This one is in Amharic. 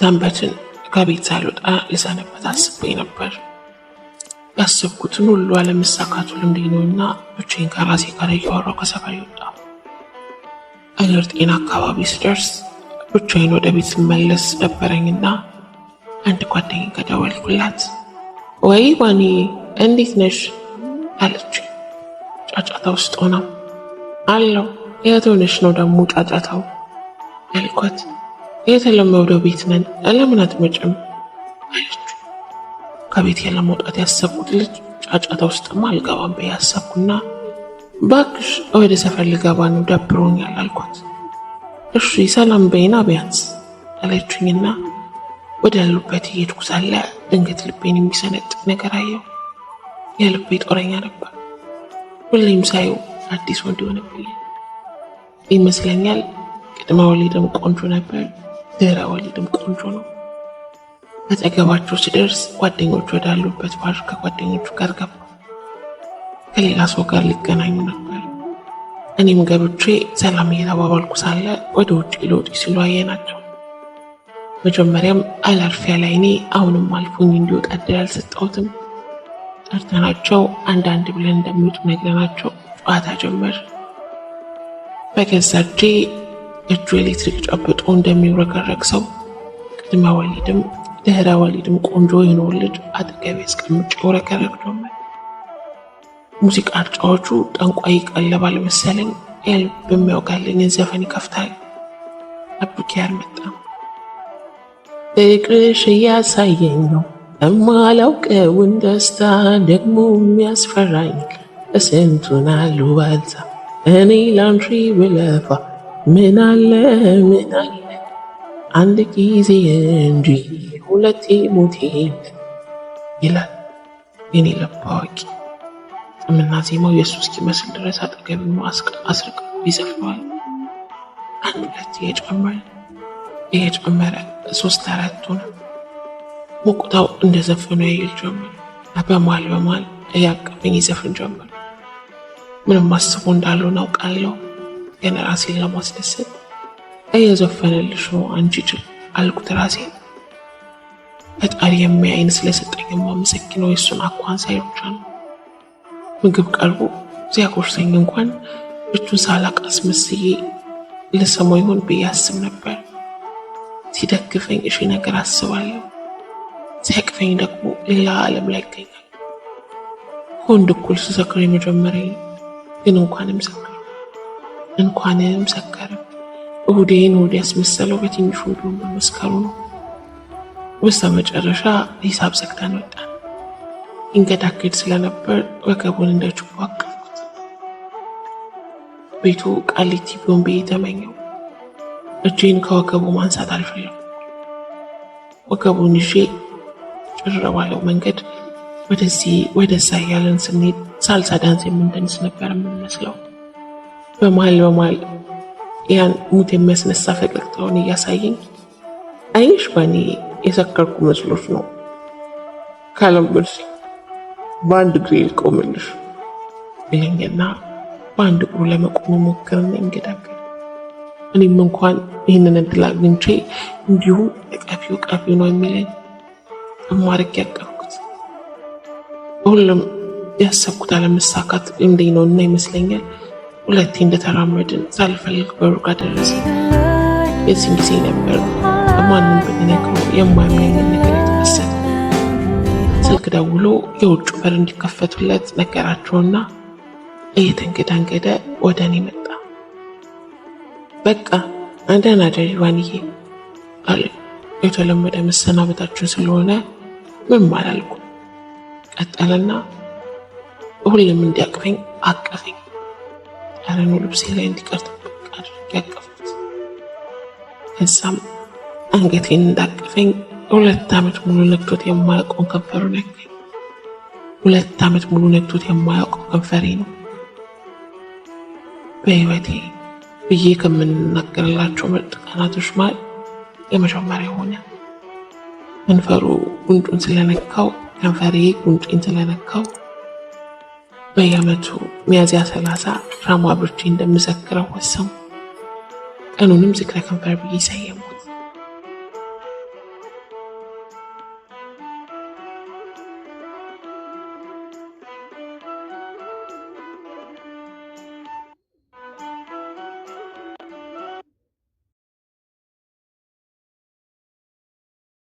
ሰንበትን ከቤት ሳልወጣ ልሰነበት አስቤ ነበር። ያሰብኩትን ሁሉ አለመሳካቱ ልምዴ ነውና ብቻዬን ከራሴ ጋር እያወራሁ ከሰፈር ይወጣ አገር ጤና አካባቢ ስደርስ ብቻዬን ወደ ቤት ስመለስ ነበረኝና አንድ ጓደኝ ከደወልኩላት ወይ ዋኔ እንዴት ነሽ አለች። ጫጫታ ውስጥ ሆና አለው የት ሆነሽ ነው ደግሞ ጫጫታው አልኳት። የተለመደው ቤት ነን። ለምን አትመጭም? አለችው። ከቤት ለመውጣት ያሰብኩት ልጅ ጫጫታ ውስጥማ አልገባም ብዬ ያሰብኩና ባክሽ ወደ ሰፈር ልገባ ነው ደብሮኛል አልኳት። እሺ ሰላም በይና ቢያንስ አለችኝና ወደ ያሉበት እየሄድኩ ሳለ ድንገት ልቤን የሚሰነጥቅ ነገር አየው። የልቤ ጦረኛ ነበር። ሁሌም ሳየው አዲስ ወንድ ሆነብኝ ይመስለኛል። ቅድመ ወሊድም ቆንጆ ነበር። ድህረ ወሊድም ቆንጆ ነው። አጠገባቸው ሲደርስ ጓደኞች ወዳሉበት ባር ከጓደኞቹ ጋር ገባ። ከሌላ ሰው ጋር ሊገናኙ ነበር። እኔም ገብቼ ሰላም እየተባባልኩ ሳለ ወደ ውጭ ሊወጡ ሲሉ አየናቸው። መጀመሪያም አላርፍ ላይኔ አሁንም አልፎኝ እንዲወጣ እድል አልሰጠሁትም። ጠርተናቸው አንዳንድ ብለን እንደሚወጡ ነግረናቸው ጨዋታ ጀመር። በገዛ እጄ እጁ ኤሌክትሪክ ጨብጦ እንደሚውረገረግ ሰው ቅድመ ወሊድም ድህረ ወሊድም ቆንጆ የሆነውን ልጅ አጠገቤ አስቀምጬ ውረገረግ ጀመር። ሙዚቃ አርጫዎቹ ጠንቋይ ቀለባል መሰለኝ ኤል በሚያውጋልኝን ዘፈን ይከፍታል። አብኪ አልመጣም። ፍቅርሽ እያሳየኝ ነው እማላውቀውን ደስታ ደግሞ የሚያስፈራኝ በስንቱን አሉባልታ እኔ ላንቺ ብለፋ ምን አለ ምን አለ አንድ ጊዜ እንጂ ሁለቴ ሞቴ ይላል የኔ ልብ አዋቂ። ጥምና ዜማው የእሱ እስኪመስል ድረስ አጠገብ አስርቅቦ ይዘፍነዋል። አንድ ሁለት እየጨመረ እየጨመረ ሶስት አራት ሆነ። ሞቁታው ያየል ጀመር። እያቀፈኝ ይዘፍን ጀመር። ምንም አስቦ እንዳልሆነ አውቃለሁ። ግን ራሴን ለማስደሰት እየዘፈነልሽ ነው አንቺ ጅል አልኩት ራሴን። ፈጣሪ የሚያይን ስለሰጠኝ የማመሰግነው የእሱን አኳን ሳይ ብቻ ነው። ምግብ ቀርቦ እዚያ እንኳን እጁን ሳላቅ አስመስዬ ልሰማው ይሆን ብዬ አስብ ነበር። ሲደግፈኝ እሺ ነገር አስባለሁ፣ ሲያቅፈኝ ደግሞ ሌላ ዓለም ላይ ይገኛል። ከወንድ እኩል ስሰክር የመጀመሪያ ግን እንኳንም ሰ እንኳንም ሰከረብ እሁዴን እሁድ ያስመሰለው በትንሹ ሁሉም በመስከሩ ነው። በስተ መጨረሻ ሂሳብ ዘግተን ወጣን። ይንገዳገድ ስለነበር ወገቡን እንደ ችቦ አቀፍኩት። ቤቱ ቃሊቲ ቢሆን የተመኘው ተመኘው። እጄን ከወገቡ ማንሳት አልፈለኩም። ወገቡን ይዤ ጭር ባለው መንገድ ወደዚህ ወደዛ እያለን ስንሄድ ሳልሳ ዳንስ የምንደንስ ነበር የምንመስለው። በመሀል በመሀል ያን ሙት የሚያስነሳ ፈገግታውን እያሳየኝ አይሽ ባኔ የሰከርኩ መስሎች ነው ካለምበርሲ በአንድ እግሬ ልቆምልሽ ይለኛና በአንድ እግሩ ለመቆም ሞክርና ይንገዳገል። እኔም እንኳን ይህንን እድል አግኝቼ እንዲሁም ቀፊው ቀፊው ነው የሚለኝ አማርክ ያቀርኩት ሁሉም ያሰብኩት አለመሳካት እንዴ ነው እና ይመስለኛል ሁለቴ እንደተራመድን ሳልፈልግ በሩቅ አደረሰ። የዚህን ጊዜ ነበር ማንም ብንነግረው የማያምነኝን ነገር የተመሰለ። ስልክ ደውሎ የውጭ በር እንዲከፈቱለት ነገራቸውና እየተንገዳንገደ ወደ እኔ መጣ። በቃ አንደን ደሪ ዋንዬ አለ። የተለመደ መሰናበታችን ስለሆነ ምንም አላልኩም። ቀጠለና ሁሉም እንዲያቅፈኝ አቀፈኝ። ያለኑ ልብሴ ላይ እንዲቀር ጥብቅ አድርጌ ያቀፉት። ከዛም አንገቴን እንዳቀፈኝ ሁለት ዓመት ሙሉ ነግቶት የማያውቀውን ከንፈሩ ነካኝ። ሁለት ዓመት ሙሉ ነግቶት የማያውቀው ከንፈሬ ነው። በህይወቴ ብዬ ከምንናገርላቸው ምርጥ ቀናቶች መሃል የመጀመሪያ ሆነ። ከንፈሩ ጉንጩን ስለነካው ከንፈሬ ጉንጬን ስለነካው በየዓመቱ ሚያዝያ 30 ራማ ብርጄ እንደምዘክረው ወሰንኩ። ቀኑንም ዝክረ ከንፈር ብዬ ሰየሙ።